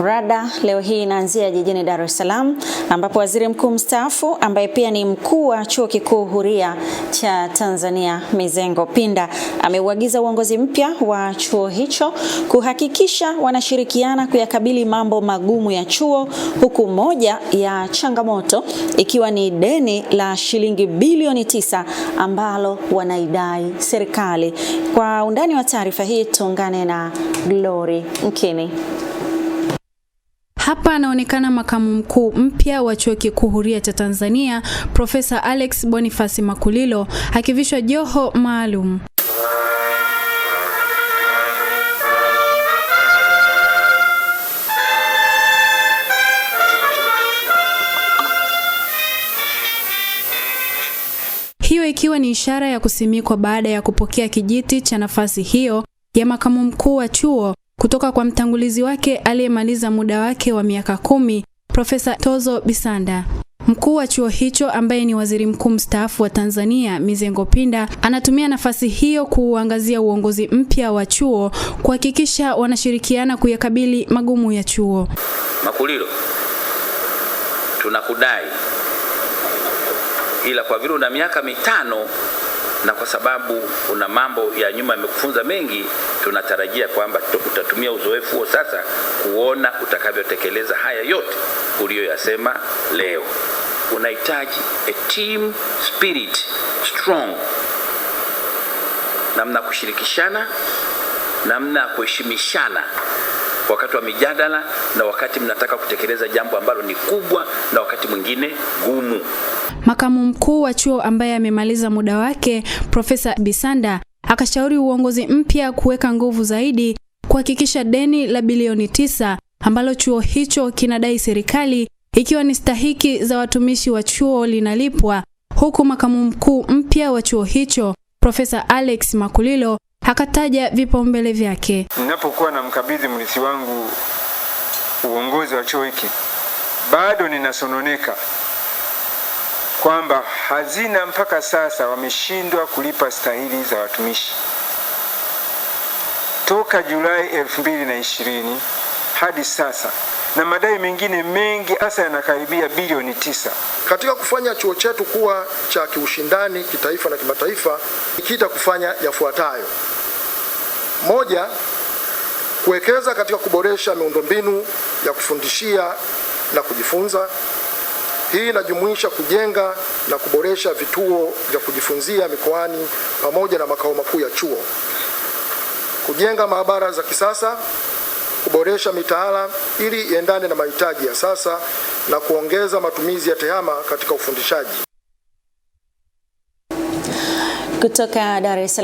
Rada leo hii inaanzia jijini Dar es Salaam ambapo waziri mkuu mstaafu ambaye pia ni mkuu wa chuo kikuu huria cha Tanzania Mizengo Pinda ameuagiza uongozi mpya wa chuo hicho kuhakikisha wanashirikiana kuyakabili mambo magumu ya chuo, huku moja ya changamoto ikiwa ni deni la shilingi bilioni tisa ambalo wanaidai serikali. Kwa undani wa taarifa hii tuungane na Glory Mkini. Hapa anaonekana makamu mkuu mpya wa Chuo Kikuu Huria cha Tanzania, Profesa Alex bonifasi Makulilo akivishwa joho maalum. Hiyo ikiwa ni ishara ya kusimikwa baada ya kupokea kijiti cha nafasi hiyo ya makamu mkuu wa chuo kutoka kwa mtangulizi wake aliyemaliza muda wake wa miaka kumi, Profesa Tozo Bisanda. Mkuu wa chuo hicho ambaye ni waziri mkuu mstaafu wa Tanzania Mizengo Pinda anatumia nafasi hiyo kuuangazia uongozi mpya wa chuo kuhakikisha wanashirikiana kuyakabili magumu ya chuo. Makulilo, tunakudai, ila kwa vile una miaka mitano na kwa sababu kuna mambo ya nyuma yamekufunza mengi, tunatarajia kwamba utatumia uzoefu huo sasa kuona utakavyotekeleza haya yote uliyoyasema leo. Unahitaji a team spirit strong, namna ya kushirikishana, namna ya kuheshimishana wakati wa mijadala na wakati mnataka kutekeleza jambo ambalo ni kubwa na wakati mwingine gumu. Makamu mkuu wa chuo ambaye amemaliza muda wake Profesa Bisanda akashauri uongozi mpya kuweka nguvu zaidi kuhakikisha deni la bilioni tisa ambalo chuo hicho kinadai serikali ikiwa ni stahiki za watumishi wa chuo linalipwa, huku makamu mkuu mpya wa chuo hicho Profesa Alex Makulilo akataja vipaumbele vyake. Ninapokuwa na mkabidhi mrithi wangu uongozi wa chuo hiki, bado ninasononeka kwamba hazina mpaka sasa wameshindwa kulipa stahili za watumishi toka Julai 2020 hadi sasa na madai mengine mengi hasa yanakaribia bilioni tisa. Katika kufanya chuo chetu kuwa cha kiushindani kitaifa na kimataifa, ikita kufanya yafuatayo. Moja, kuwekeza katika kuboresha miundombinu ya kufundishia na kujifunza. Hii inajumuisha kujenga na kuboresha vituo vya kujifunzia mikoani pamoja na makao makuu ya chuo, kujenga maabara za kisasa, kuboresha mitaala ili iendane na mahitaji ya sasa na kuongeza matumizi ya tehama katika ufundishaji. Kutoka Dar es Salaam